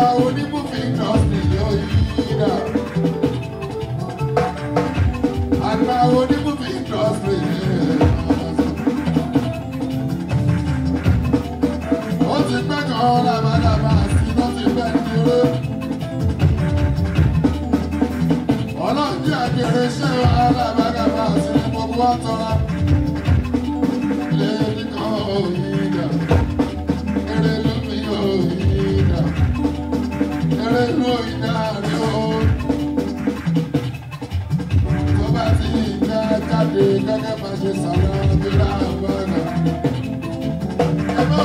ọba oníbùfì kọ́sìlì oyídà. àgbà oníbùfì kọ́sìlì oyídà. ó ti pẹ́ kan labalábá sí ló ti pẹ́ dúró. ọlọ́run jẹ́ àgbèrè ṣẹ́ wa labalábá sí gbogbo ọ̀tọ̀. jáde gẹ́gẹ́ bá ṣe sọ̀rọ̀ ìlà àbọ̀nà. ẹ bá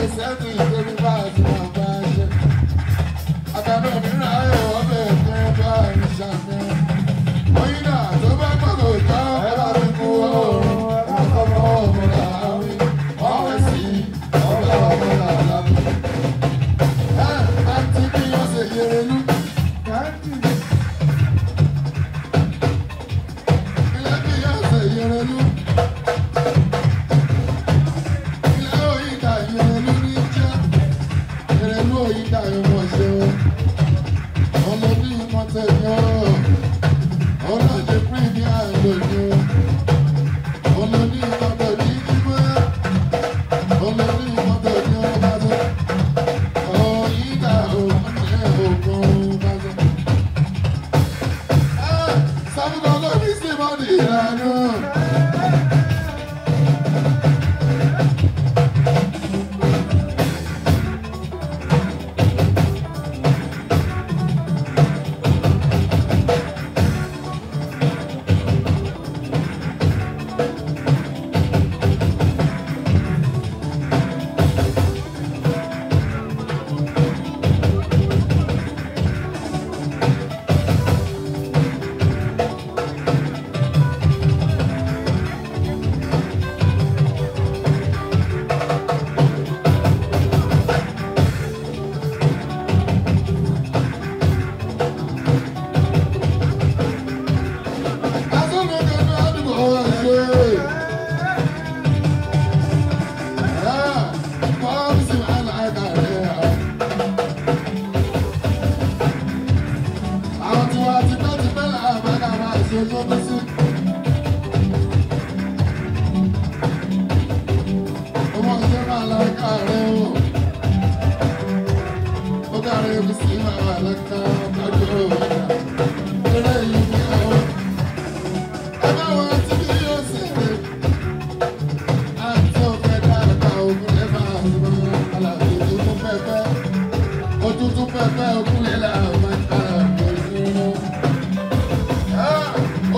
É tá e ele vai Sabidon, don't be sleep on the island.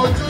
먼저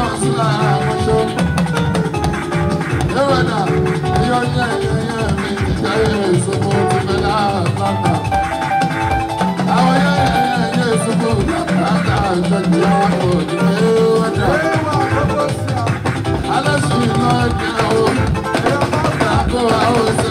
Alásùn náà jẹ́ o, kó àwọn ọ̀sẹ̀.